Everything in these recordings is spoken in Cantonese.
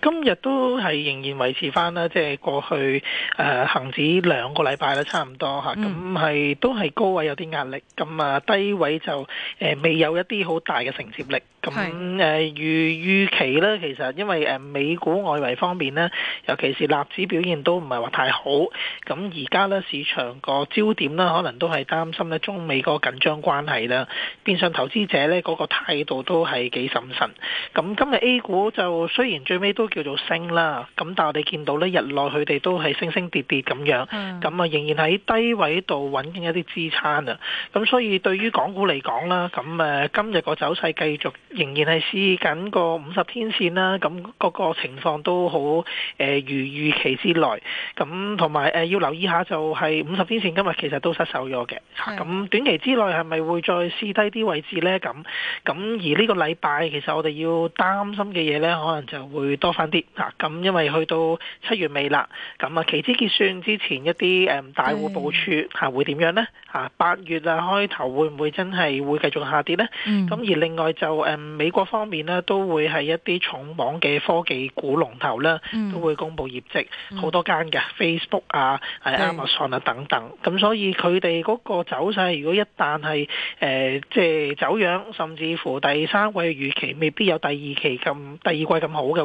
今日都係仍然維持翻啦，即係過去誒恆指兩個禮拜啦，差唔多。咁係都係高位有啲壓力，咁啊低位就未有一啲好大嘅承接力。咁誒預期咧，其實因為美股外圍方面呢，尤其是納指表現都唔係話太好。咁而家咧市場個焦點啦，可能都係擔心咧中美嗰個緊張關係啦。變相投資者咧嗰個態度都係幾審慎。咁今日 A 股就雖然最～呢都叫做升啦，咁但係你見到咧，日內佢哋都係升升跌跌咁樣，咁啊、嗯、仍然喺低位度揾緊一啲支撐啊。咁所以對於港股嚟講啦，咁誒今日個走勢繼續仍然係試緊個五十天綫啦，咁、個個情況都好誒如預期之內，咁同埋誒要留意一下就係五十天綫今日其實都失守咗嘅，咁是短期之內係咪會再試低啲位置咧？咁咁而呢個禮拜其實我哋要擔心嘅嘢咧，可能就會。多翻啲啊！咁因為去到七月尾啦，咁啊期指結算之前一啲誒、嗯、大戶部署吓、啊、會點樣咧？吓、啊、八月啊開頭會唔會真係會繼續下跌咧？咁、嗯、而另外就誒、嗯、美國方面咧，都會係一啲重磅嘅科技股龍頭啦，嗯、都會公布業績好、嗯、多間嘅、嗯、Facebook 啊、係是 Amazon 啊等等。咁、啊、所以佢哋嗰個走勢如果一旦係誒即係走樣甚至乎第三季預期未必有第二期咁第二季咁好嘅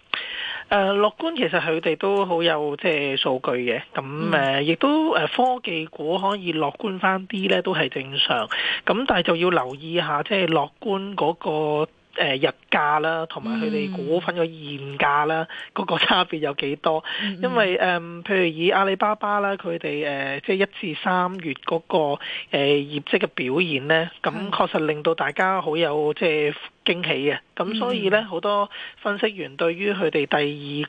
誒、uh, 樂觀其實佢哋都好有即係、就是、數據嘅，咁誒亦都誒科技股可以樂觀翻啲咧，都係正常。咁但係就要留意一下，即、就、係、是、樂觀嗰、那個、呃、日入價啦，同埋佢哋股份嘅現價啦，嗰、嗯、個差別有幾多？嗯嗯因為誒、呃，譬如以阿里巴巴啦，佢哋誒即係一至三月嗰、那個誒、呃、業績嘅表現咧，咁確實令到大家好有即係。就是驚喜嘅，咁所以呢，好、嗯、多分析員對於佢哋第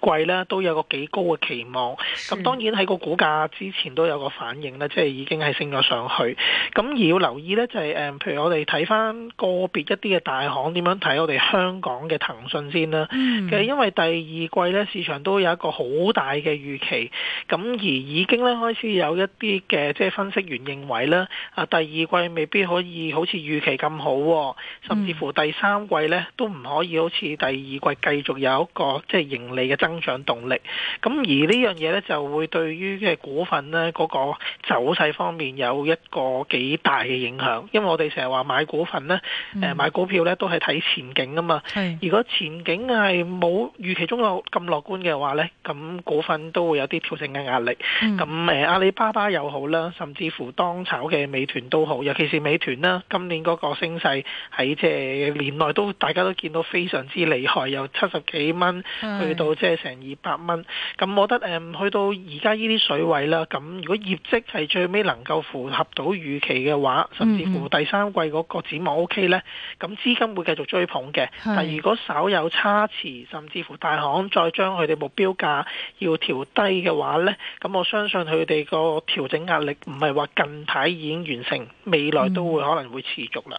二季呢都有個幾高嘅期望，咁當然喺個股價之前都有個反應呢即係、就是、已經係升咗上去。咁而要留意呢，就係、是、誒、嗯，譬如我哋睇翻個別一啲嘅大行點樣睇我哋香港嘅騰訊先啦。其實、嗯、因為第二季呢，市場都有一個好大嘅預期，咁而已經呢，開始有一啲嘅即係分析員認為呢，啊第二季未必可以好似預期咁好、哦，甚至乎第三。季咧都唔可以好似第二季繼續有一個即係盈利嘅增長動力，咁而呢樣嘢咧就會對於嘅股份咧嗰個走勢方面有一個幾大嘅影響，因為我哋成日話買股份咧，誒、嗯、買股票咧都係睇前景啊嘛。係是，如果前景係冇預期中有咁樂觀嘅話咧，咁股份都會有啲調整嘅壓力。咁誒、嗯、阿里巴巴又好啦，甚至乎當炒嘅美團都好，尤其是美團啦，今年嗰個升勢喺即係年內。都大家都見到非常之厲害，由七十幾蚊去到即係成二百蚊。咁是的 我覺得、嗯、去到而家呢啲水位啦。咁如果業績係最尾能夠符合到預期嘅話，甚至乎第三季嗰個展望 OK 呢，咁資金會繼續追捧嘅。是的 但如果稍有差池，甚至乎大行再將佢哋目標價要調低嘅話呢，咁我相信佢哋個調整壓力唔係話近排已經完成，未來都會可能會持續啦。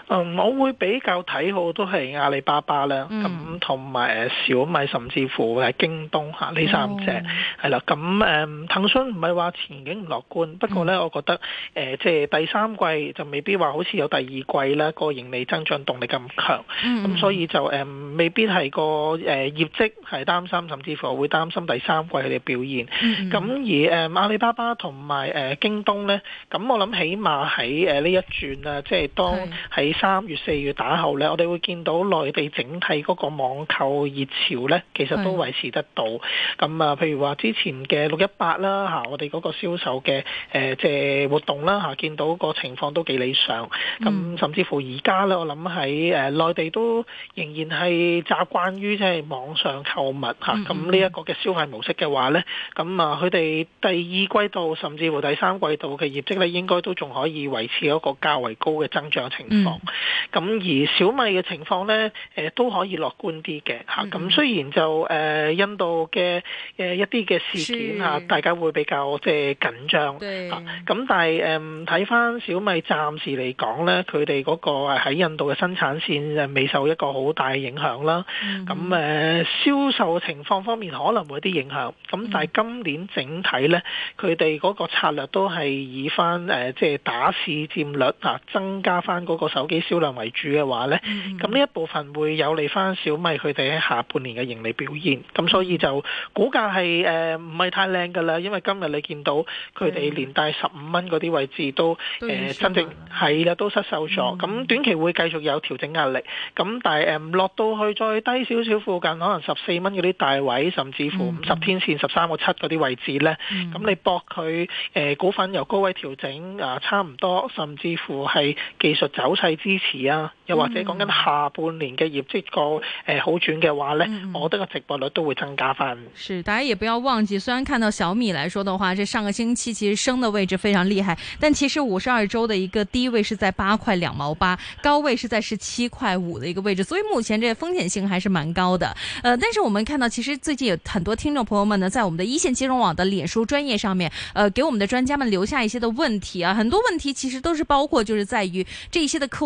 嗯、我會比較睇好都係阿里巴巴啦，咁同埋小米，甚至乎係京東嚇呢三隻，係啦、哦，咁誒騰訊唔係話前景唔樂觀，不過呢，嗯、我覺得、呃、即係第三季就未必話好似有第二季呢個盈利增長動力咁強，咁、嗯嗯、所以就、嗯、未必係個業績係擔心，甚至乎我會擔心第三季佢哋表現。咁、嗯、而、嗯、阿里巴巴同埋、呃、京東呢，咁我諗起碼喺呢一轉啊，即係當喺。三月、四月打後咧，我哋會見到內地整體嗰個網購熱潮咧，其實都維持得到。咁啊是，譬如話之前嘅六一八啦，嚇我哋嗰個銷售嘅誒即係活動啦，嚇見到個情況都幾理想。咁、嗯、甚至乎而家咧，我諗喺誒內地都仍然係習慣於即係網上購物嚇。咁呢一個嘅消費模式嘅話咧，咁啊佢哋第二季度甚至乎第三季度嘅業績咧，應該都仲可以維持一個較為高嘅增長情況。嗯咁而小米嘅情況呢、呃，都可以樂觀啲嘅。咁雖然就、呃、印度嘅一啲嘅事件嚇，是大家會比較即、就是、緊張咁對、啊、但係睇翻小米暫時嚟講呢，佢哋嗰個喺印度嘅生產線未受一個好大嘅影響啦。咁、嗯嗯呃、銷售情況方面可能會有啲影響。咁、嗯嗯、但係今年整體呢，佢哋嗰個策略都係以翻即係打市佔率啊，增加翻嗰個手機，以銷量為主嘅話呢，咁呢一部分會有利翻小米佢哋喺下半年嘅盈利表現。咁所以就股價係誒唔係太靚㗎啦，因為今日你見到佢哋連帶十五蚊嗰啲位置都誒、嗯呃、真正係啦，都失守咗。咁、嗯、短期會繼續有調整壓力。咁但係誒落到去再低少少附近，可能十四蚊嗰啲大位，甚至乎五十天線十三個七嗰啲位置呢。咁、嗯、你博佢誒股份由高位調整啊，差唔多，甚至乎係技術走勢。支持啊，又或者講緊下半年嘅業績個誒、嗯呃、好轉嘅話呢，嗯、我覺得個直播率都會增加翻。是，大家也不要忘記，雖然看到小米來說的話，這上個星期其實升的位置非常厲害，但其實五十二周的一個低位是在八塊兩毛八，高位是在十七塊五的一個位置，所以目前這風險性還是蠻高的。呃，但是我們看到其實最近有很多聽眾朋友們呢，在我們的一線金融網的臉書專業上面，呃，給我們的專家們留下一些的問題啊，很多問題其實都是包括就是在於這一些的科。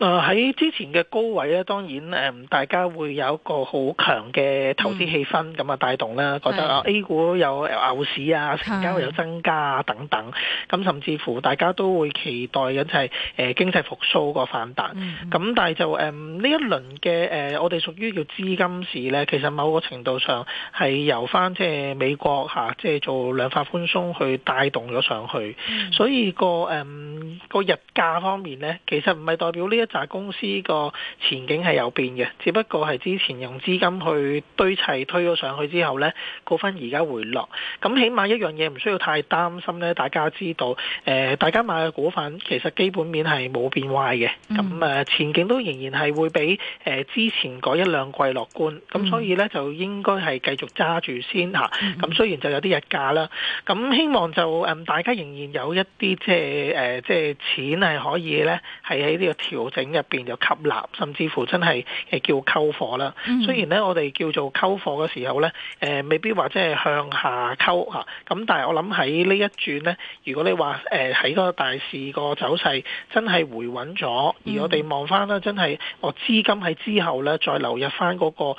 誒喺之前嘅高位咧，當然誒大家會有一個好強嘅投資氣氛，咁啊帶動啦，覺得 A 股有牛市啊，成交有增加啊等等，咁甚至乎大家都會期待緊就係誒經濟復甦個反彈。咁但係就誒呢一輪嘅誒，我哋屬於叫資金市咧，其實某個程度上係由翻即係美國嚇，即係做量化寬鬆去帶動咗上去，所以個誒個日價方面咧，其實唔係代表呢一。公司個前景係有變嘅，只不過係之前用資金去堆砌推咗上去之後呢，股份而家回落。咁起碼一樣嘢唔需要太擔心咧。大家知道，誒、呃，大家買嘅股份其實基本面係冇變壞嘅。咁誒、嗯、前景都仍然係會比誒、呃、之前嗰一兩季樂觀，咁所以咧就應該係繼續揸住先吓，咁雖然就有啲日價啦。咁希望就誒、呃、大家仍然有一啲即係誒即係錢係可以咧係喺呢個調整。入邊就吸納，甚至乎真係誒叫溝貨啦。嗯、雖然咧，我哋叫做溝貨嘅時候咧，誒、呃、未必話即係向下溝嚇。咁但係我諗喺呢一轉咧，如果你話誒喺嗰個大市個走勢真係回穩咗，嗯、而我哋望翻啦，真係我資金喺之後咧再流入翻嗰個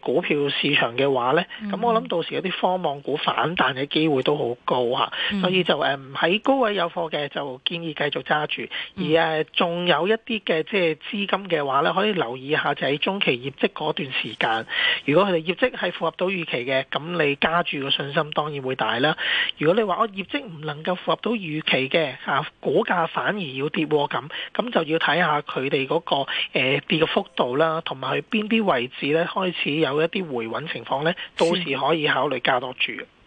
股票市場嘅話咧，咁、嗯、我諗到時有啲科網股反彈嘅機會都好高嚇。嗯、所以就唔喺高位有貨嘅就建議繼續揸住，而誒、呃、仲有一啲嘅。即係資金嘅話咧，可以留意下就喺中期業績嗰段時間。如果佢哋業績係符合到預期嘅，咁你加住個信心當然會大啦。如果你話我業績唔能夠符合到預期嘅嚇，啊、股價反而要跌，咁咁就要睇下佢哋嗰個、呃、跌嘅幅度啦，同埋去邊啲位置咧開始有一啲回穩情況咧，是的到時可以考慮加多住。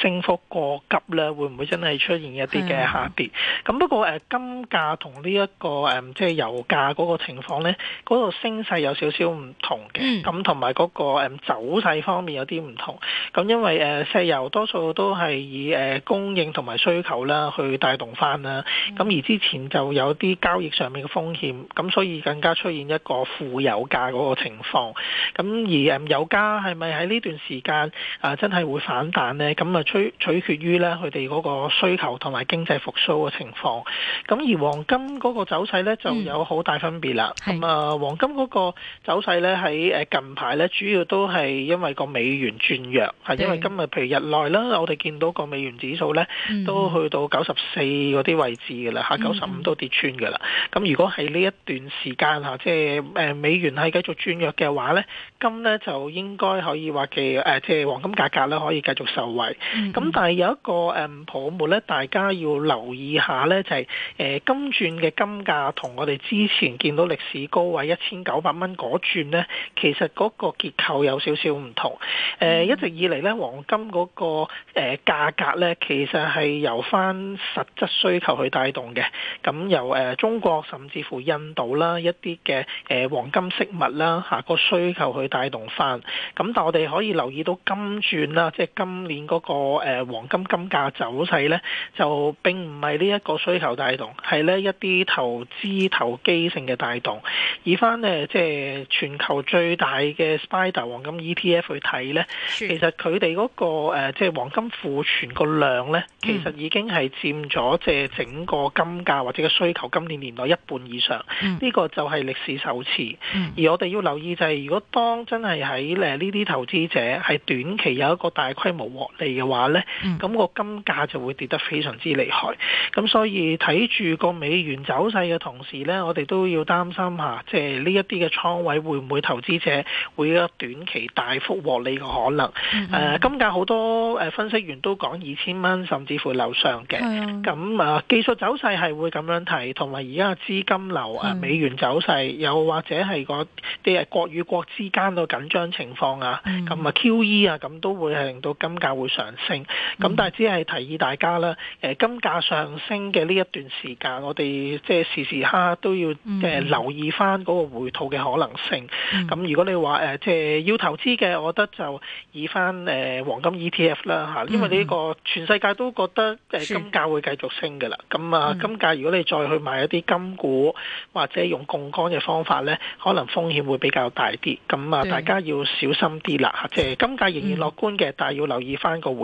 升幅過急咧，會唔會真係出現一啲嘅下跌？咁的不過金價、這個嗯就是那個、同呢一個、嗯那個即係油價嗰個情況咧，嗰度升勢有少少唔同嘅，咁同埋嗰個走勢方面有啲唔同。咁因為石油多數都係以供應同埋需求啦去帶動翻啦。咁、嗯、而之前就有啲交易上面嘅風險，咁所以更加出現一個負油價嗰個情況。咁而油價係咪喺呢段時間啊真係會反彈咧？咁取取決於咧佢哋嗰個需求同埋經濟復甦嘅情況。咁而黃金嗰個走勢咧就有好大分別啦。咁啊、嗯、黃金嗰個走勢咧喺誒近排咧主要都係因為個美元轉弱，係是因為今日譬如日內啦，我哋見到個美元指數咧都去到九十四嗰啲位置嘅啦，嚇九十五都跌穿嘅啦。咁、嗯、如果係呢一段時間嚇，即係誒美元係繼續轉弱嘅話咧，金咧就應該可以話嘅誒，即係黃金價格咧可以繼續受惠。咁、mm hmm. 但係有一個誒泡沫咧，大家要留意下咧，就係誒金鑽嘅金價同我哋之前見到歷史高位一千九百蚊嗰鑽咧，其實嗰個結構有少少唔同。誒一直以嚟咧，黃金嗰個誒價格咧，其實係由翻實質需求去帶動嘅。咁由中國甚至乎印度啦一啲嘅誒黃金飾物啦嚇個需求去帶動翻。咁但我哋可以留意到金鑽啦，即係今年嗰、那個。個誒黃金金價走勢咧，就並唔係呢一個需求帶動，係呢一啲投資投機性嘅帶動。以翻咧即係全球最大嘅 Spider 黃金 ETF 去睇咧，的其實佢哋嗰個即係、就是、黃金庫存個量咧，其實已經係佔咗即係整個金價或者嘅需求今年年內一半以上，呢的個就係歷史首次。而我哋要留意就係、是，如果當真係喺誒呢啲投資者係短期有一個大規模獲利嘅。話咧，咁、嗯、個金價就會跌得非常之厲害。咁所以睇住個美元走勢嘅同時咧，我哋都要擔心下，即係呢一啲嘅倉位會唔會投資者會有短期大幅獲利嘅可能？誒、嗯嗯呃，金價好多誒，分析員都講二千蚊甚至乎樓上嘅。咁啊、嗯，技術走勢係會咁樣睇，同埋而家資金流啊，嗯、美元走勢，又或者係個啲國與國之間個緊張情況、嗯 e、啊，咁啊 QE 啊，咁都會係令到金價會上。升咁，嗯、但係只係提議大家啦。誒，金價上升嘅呢一段時間，我哋即係時時刻刻都要誒留意翻嗰個回吐嘅可能性。咁、嗯嗯、如果你話即係要投資嘅，我覺得就以翻黃金 ETF 啦吓，因為呢個全世界都覺得誒金價會繼續升㗎啦。咁啊，金、嗯、價如果你再去買一啲金股或者用槓桿嘅方法咧，可能風險會比較大啲。咁啊，大家要小心啲啦吓，即係金價仍然樂觀嘅，但係要留意翻個回。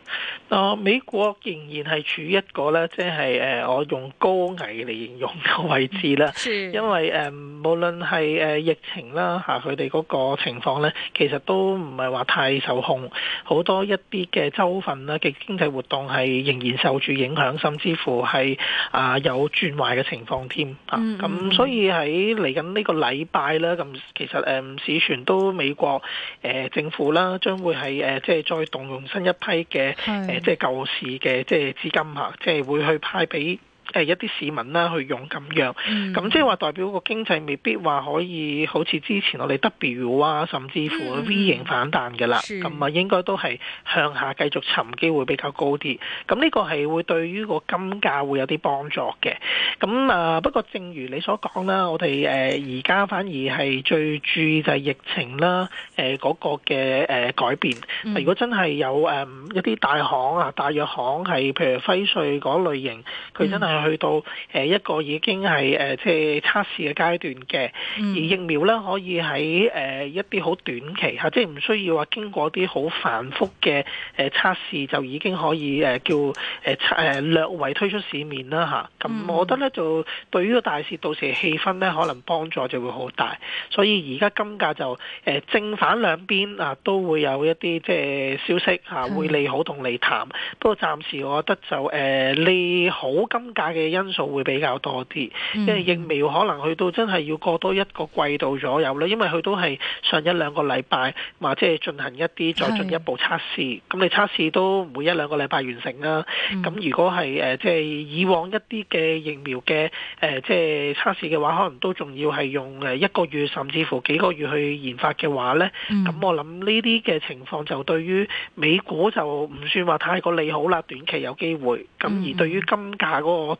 啊！美國仍然係處一個咧，即係誒，我用高危嚟形容嘅位置啦。因為誒，無論係誒疫情啦嚇，佢哋嗰個情況咧，其實都唔係話太受控，好多一啲嘅州份啦嘅經濟活動係仍然受住影響，甚至乎係啊有轉壞嘅情況添啊。咁、mm hmm. 所以喺嚟緊呢個禮拜啦，咁其實誒市傳都美國誒政府啦，將會係誒即係再動用新一批嘅。誒， 即係舊市嘅，即係資金吓，即係會去派俾。誒一啲市民啦去用咁樣，咁即係話代表個經濟未必話可以好似之前我哋 W 啊，甚至乎 V 型反彈㗎啦，咁啊應該都係向下繼續尋機會比較高啲。咁呢個係會對於個金價會有啲幫助嘅。咁啊不過正如你所講啦，我哋誒而家反而係最注意就係疫情啦，誒嗰個嘅誒改變。如果真係有誒一啲大行啊、大藥行係譬如輝瑞嗰類型，佢真係。去到誒一個已經係誒即係測試嘅階段嘅，嗯、而疫苗咧可以喺誒一啲好短期吓，即係唔需要話經過啲好繁複嘅誒測試就已經可以誒叫誒誒略微推出市面啦吓，咁、嗯、我覺得咧就對於個大市到時氣氛咧可能幫助就會好大，所以而家金價就誒正反兩邊啊都會有一啲即係消息吓，嗯，會利好同利淡，不過暫時我覺得就誒利好金價嘅因素會比較多啲，因為疫苗可能去到真係要過多一個季度左右啦，因為佢都係上一兩個禮拜，嘛即係進行一啲再進一步測試。咁你測試都唔會一兩個禮拜完成啦。咁如果係誒即係以往一啲嘅疫苗嘅誒即係測試嘅話，可能都仲要係用誒一個月甚至乎幾個月去研發嘅話咧，咁我諗呢啲嘅情況就對於美股就唔算話太過利好啦，短期有機會。咁而對於金價嗰個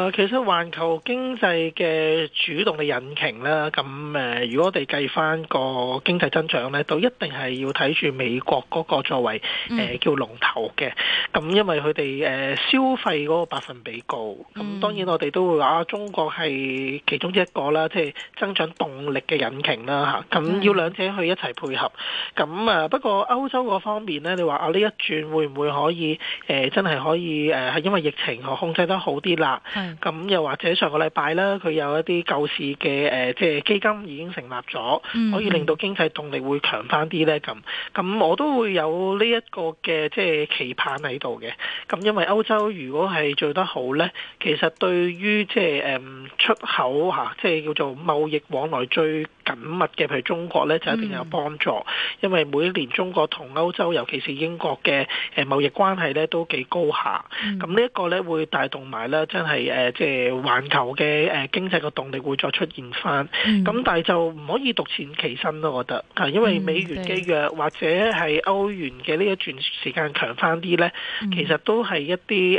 啊，其實環球經濟嘅主動嘅引擎啦，咁誒，如果我哋計返個經濟增長咧，都一定係要睇住美國嗰個作為誒叫龍頭嘅，咁因為佢哋誒消費嗰個百分比高，咁當然我哋都會話中國係其中一個啦，即係增長動力嘅引擎啦嚇，咁要兩者去一齊配合，咁啊不過歐洲嗰方面咧，你話啊呢一轉會唔會可以誒真係可以誒係因為疫情可控制得好啲啦？咁又或者上個禮拜咧，佢有一啲救市嘅、呃、即係基金已經成立咗，mm hmm. 可以令到經濟動力會強翻啲咧。咁咁我都會有呢一個嘅即係期盼喺度嘅。咁因為歐洲如果係做得好咧，其實對於即係、嗯、出口、啊、即係叫做貿易往來最緊密嘅，譬如中國咧就一定有幫助，嗯、因為每一年中國同歐洲，尤其是英國嘅誒貿易關係咧都幾高下，咁、嗯、呢一個咧會帶動埋咧真係誒即係環球嘅誒、啊、經濟個動力會再出現翻，咁、嗯、但係就唔可以獨善其身咯，我覺得，嗯、因為美元嘅弱對 或者係歐元嘅呢一段時間強翻啲咧，嗯、其實都係一啲誒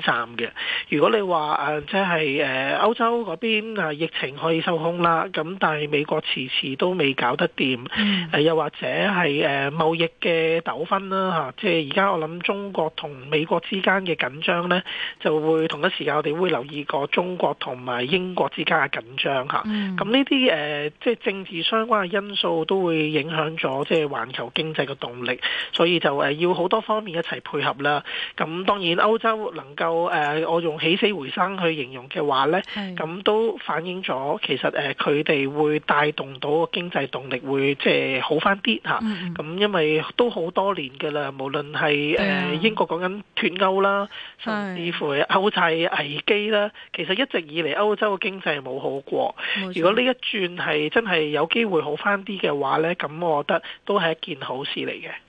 短暫嘅。如果你話誒即係誒歐洲嗰邊啊疫情可以收空啦，咁但係美國，遲遲都未搞得掂，誒又或者係誒貿易嘅糾紛啦嚇，即係而家我諗中國同美國之間嘅緊張呢，就會同一時間我哋會留意過中國同埋英國之間嘅緊張嚇。咁呢啲誒即係政治相關嘅因素都會影響咗即係環球經濟嘅動力，所以就誒要好多方面一齊配合啦。咁當然歐洲能夠誒我用起死回生去形容嘅話呢，咁都反映咗其實誒佢哋會帶動到經濟動力會即係好翻啲吓，咁、嗯、因為都好多年嘅啦，無論係誒英國講緊脱歐啦，嗯、甚至乎歐債危機啦，其實一直以嚟，歐洲嘅經濟冇好過。冇錯。如果呢一轉係真係有機會好翻啲嘅話呢，咁我覺得都係一件好事嚟嘅。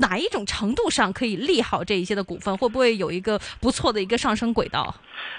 哪一種程度上可以利好這一些嘅股份？會不會有一個不錯的一個上升軌道？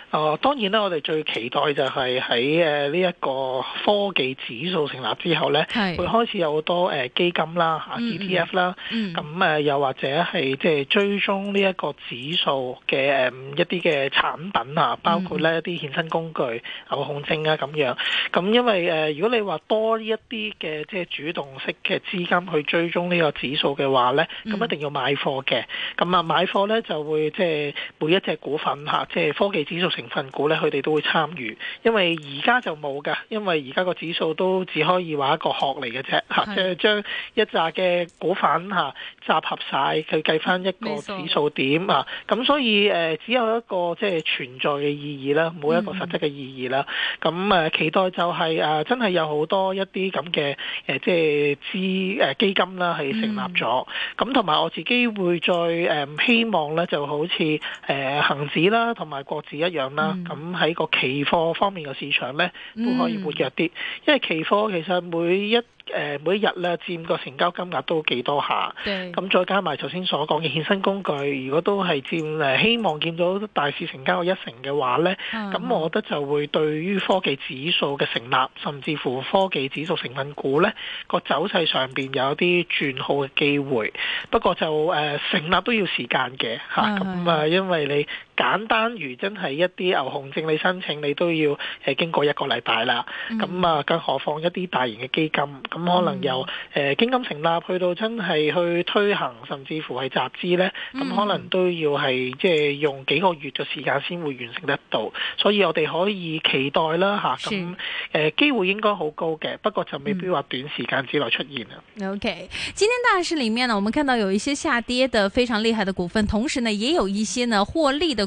哦、呃，當然啦，我哋最期待就係喺誒呢一個科技指數成立之後咧，是會開始有好多誒、呃、基金啦、吓、啊、ETF、嗯、啦，咁誒、嗯呃、又或者係即係追蹤呢一個指數嘅誒、呃、一啲嘅產品啊，包括呢一啲衍生工具、牛、嗯、熊證啊咁樣。咁因為誒、呃、如果你話多一啲嘅即係主動式嘅資金去追蹤呢個指數嘅話咧。咁、嗯、一定要買貨嘅，咁啊買貨咧就會即係每一隻股份，即係、就是、科技指數成分股咧，佢哋都會參與。因為而家就冇㗎，因為而家個指數都只可以話一個殼嚟嘅啫，即係將一紮嘅股份集合晒，佢計翻一個指數點啊。咁錯所以只有一個即係存在嘅意義啦，冇一個實質嘅意義啦。咁、嗯、期待就係真係有好多一啲咁嘅即係資基金啦，係成立咗咁。嗯同埋我自己會再誒、嗯、希望咧，就好似誒恆指啦，同埋國指一樣啦。咁喺、嗯、個期貨方面嘅市場咧，都可以活躍啲。嗯、因為期貨其實每一誒、呃、每一日咧，佔個成交金額都幾多下。咁對再加埋頭先所講嘅衍生工具，如果都係佔誒希望見到大市成交的一成嘅話咧，咁的我覺得就會對於科技指數嘅成立，甚至乎科技指數成分股咧個走勢上面有啲轉好嘅機會。不過就誒、呃、成立都要時間嘅吓。咁、嗯、啊因為你。簡單如真係一啲牛熊證，你申請你都要係、呃、經過一個禮拜啦。咁啊、嗯，更何況一啲大型嘅基金，咁、嗯、可能由呃、基金成立去到真係去推行，甚至乎係集資呢，咁、嗯嗯、可能都要係即係用幾個月嘅時間先會完成得到。所以我哋可以期待啦，吓、啊，咁、啊、誒是、呃、機會應該好高嘅，不過就未必話短時間之內出現啦、嗯、ok 今天大市裏面呢，我們看到有一些下跌得非常厲害的股份，同時呢，也有一些呢獲利的。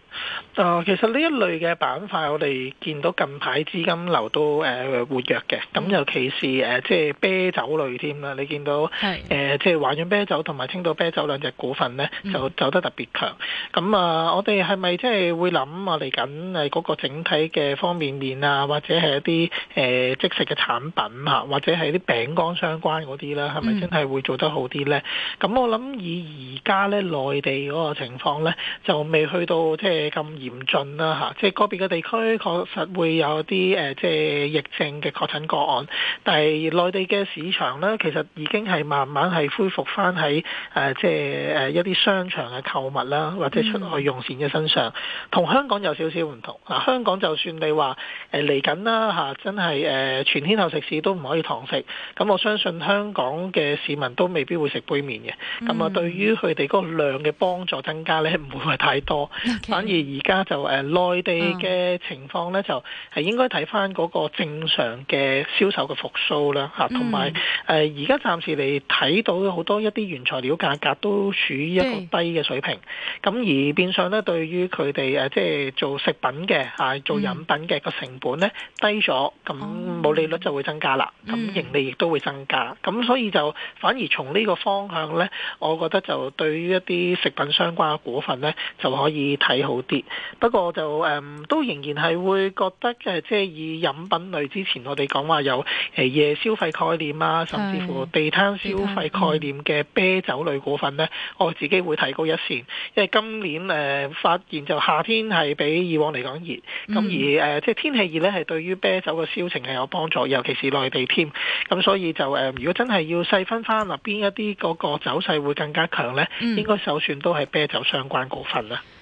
啊，其實呢一類嘅板塊，我哋見到近排資金流都誒活躍嘅，咁、嗯、尤其是誒即係啤酒類添啦。你見到誒即係華潤啤酒同埋青島啤酒兩隻股份咧，就走得特別強。咁啊、嗯，我哋係咪即係會諗我嚟緊誒嗰個整體嘅方便麵啊，或者係一啲誒即食嘅產品嚇、啊，或者係啲餅乾相關嗰啲啦，係咪真係會做得好啲咧？咁、嗯、我諗以而家咧內地嗰個情況咧，就未去到即係。咁嚴峻啦吓，即係個別嘅地區確實會有啲誒即係疫症嘅確診個案，但係內地嘅市場咧，其實已經係慢慢係恢復翻，喺誒即係誒一啲商場嘅購物啦，或者出去用膳嘅身上，同香港有少少唔同。嗱，香港就算你話誒嚟緊啦吓，真係誒全天候食肆都唔可以堂食，咁我相信香港嘅市民都未必會食杯麵嘅，咁啊，對於佢哋嗰個量嘅幫助增加咧，唔會話太多，反、okay. 而家就誒內地嘅情況咧，就係應該睇翻嗰個正常嘅銷售嘅復甦啦吓，同埋誒而家暫時嚟睇到好多一啲原材料價格都處於一個低嘅水平，咁而變相咧，對於佢哋誒即係做食品嘅嚇，做飲品嘅個成本咧低咗，咁毛利率就會增加啦，咁盈利亦都會增加，咁所以就反而從呢個方向咧，我覺得就對於一啲食品相關嘅股份咧，就可以睇好。不過就誒、嗯、都仍然係會覺得即係以飲品類之前我哋講話有、呃、夜消費概念啊，甚至乎地攤消費概念嘅啤酒類股份呢，我自己會提高一線，因為今年、呃、發現就夏天係比以往嚟講熱，咁、嗯、而、呃、即係天氣熱呢，係對於啤酒嘅銷情係有幫助，尤其是內地添，咁所以就、呃、如果真係要細分翻啊，邊一啲嗰個走勢會更加強呢，嗯、應該首選都係啤酒相關股份啦。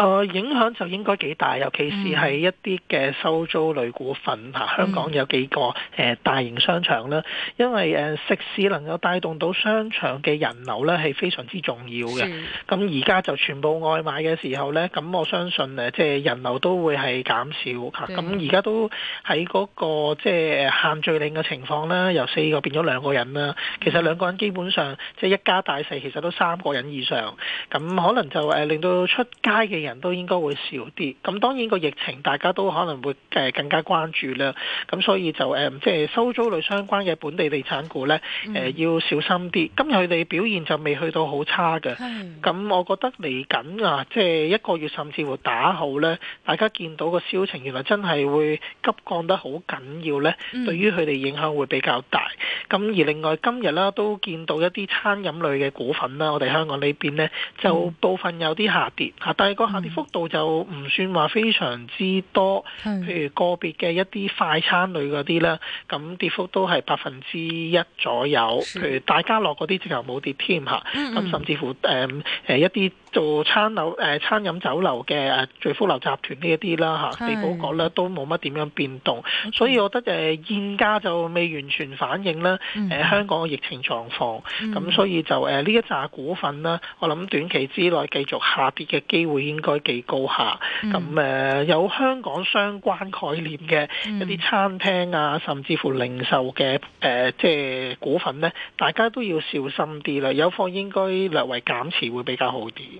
誒，影響就應該幾大，尤其是喺一啲嘅收租類股份，嗱、嗯、香港有幾個誒大型商場啦，嗯、因為誒食肆能夠帶動到商場嘅人流咧，係非常之重要嘅。咁而家就全部外賣嘅時候咧，咁我相信誒即係人流都會係減少。咁而家都喺嗰個即係限聚令嘅情況咧，由四個變咗兩個人啦。其實兩個人基本上即係一家大細，其實都三個人以上。咁可能就誒令到出街嘅人。人都應該會少啲，咁當然個疫情大家都可能會誒更加關注啦，咁所以就誒即係收租類相關嘅本地地產股咧，誒、嗯、要小心啲。今日佢哋表現就未去到好差嘅，咁的我覺得嚟緊啊，即係一個月甚至乎打後咧，大家見到個銷情原來真係會急降得好緊要咧，嗯、對於佢哋影響會比較大。咁而另外今日啦都見到一啲餐飲類嘅股份啦，我哋香港裏面呢邊咧就部分有啲下跌嚇，嗯、但係、嗰下跌幅度就唔算話非常之多，譬如個別嘅一啲快餐類嗰啲咧，咁跌幅都係百分之一左右。譬如大家樂嗰啲直頭冇跌添吓，咁甚至乎誒誒、嗯呃、一啲，做餐樓、誒、呃、餐飲酒樓嘅、啊、聚福樓集團呢一啲啦嚇，啊、的地保局咧都冇乜點樣變動，Okay. 所以我覺得誒、呃、現家就未完全反映啦。誒、呃、香港嘅疫情狀況，咁、嗯、所以就誒呢、呃、一扎股份啦，我諗短期之內繼續下跌嘅機會應該幾高下，咁誒、嗯呃、有香港相關概念嘅、嗯、一啲餐廳啊，甚至乎零售嘅誒、呃、即係股份咧，大家都要小心啲啦，有貨應該略為減持會比較好啲。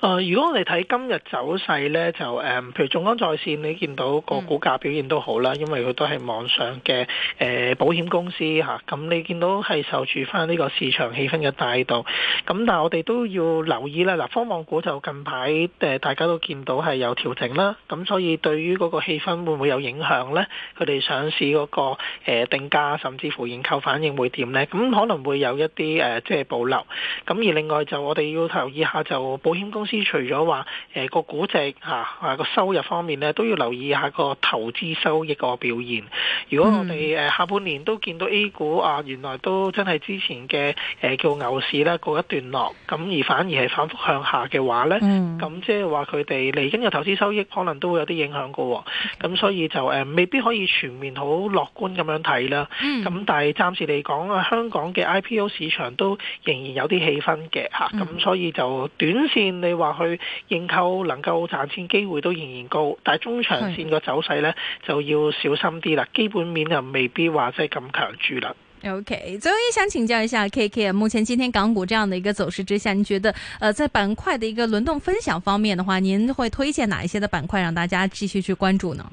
誒，如果我哋睇今日走勢咧，就誒，譬如眾安在線，你見到個股價表現都好啦，因為佢都係網上嘅誒保險公司嚇，咁你見到係受住翻呢個市場氣氛嘅帶動。咁但係我哋都要留意啦，嗱，科網股就近排誒大家都見到係有調整啦，咁所以對於嗰個氣氛會唔會有影響咧？佢哋上市嗰個誒定價，甚至乎認購反應會點咧？咁可能會有一啲誒即係保留。咁而另外就我哋要留意下就保險公之除咗話誒個估值嚇啊個、啊啊、收入方面咧，都要留意下個投資收益個表現。如果我哋誒下半年都見到 A 股啊，原來都真係之前嘅誒、啊、叫牛市咧過一段落，咁而反而係反覆向下嘅話咧，咁即係話佢哋嚟緊嘅投資收益可能都會有啲影響㗎。咁所以就誒未必可以全面好樂觀咁樣睇啦。咁但係暫時嚟講啊，香港嘅 IPO 市場都仍然有啲氣氛嘅嚇，咁所以就短線你。話去認購能夠賺錢機會都仍然高，但係中長線個走勢咧就要小心啲啦，基本面就未必話即係咁強住啦。OK，最後亦想請教一下 KK，目前今天港股這樣的一個走勢之下，你覺得，呃，在板塊的一個輪動分享方面的話，您會推薦哪一些的板塊讓大家繼續去關注呢？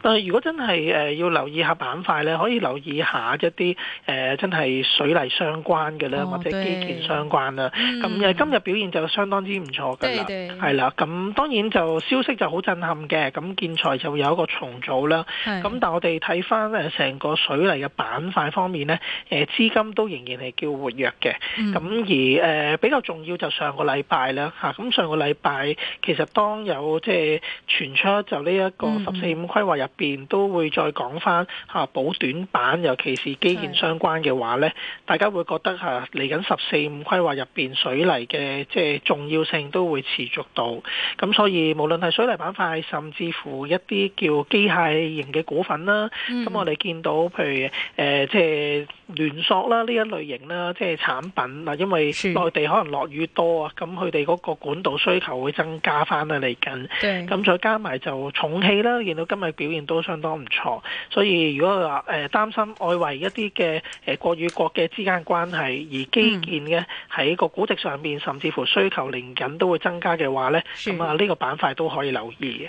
但係如果真係誒要留意一下板塊呢，可以留意一下一啲誒、呃、真係水泥相關嘅啦，或者基建相關啦。咁誒、哦嗯、今日表現就相當之唔錯噶啦，係啦。咁當然就消息就好震撼嘅，咁建材就會有一個重組啦。咁對但我哋睇翻誒成個水泥嘅板塊方面呢。誒資金都仍然係叫活躍嘅，咁、嗯、而誒比較重要就上個禮拜啦嚇，咁上個禮拜其實當有即係傳出就呢一個十四五規劃入邊都會再講翻嚇補短板，尤其是基建相關嘅話咧，的大家會覺得嚟緊十四五規劃入邊水泥嘅即係重要性都會持續到，咁所以無論係水泥板塊，甚至乎一啲叫機械型嘅股份啦，咁我哋見到譬如誒即係。呃即係聯塑啦，呢一類型啦，即係產品嗱，因為內地可能落雨多啊，咁佢哋嗰個管道需求會增加翻啦嚟緊，咁的再加埋就重汽啦，見到今日表現都相當唔錯，所以如果話誒擔心外圍一啲嘅誒國與國嘅之間關係，而基建嘅喺個估值上面，甚至乎需求連緊都會增加嘅話咧，咁啊呢個板塊都可以留意嘅。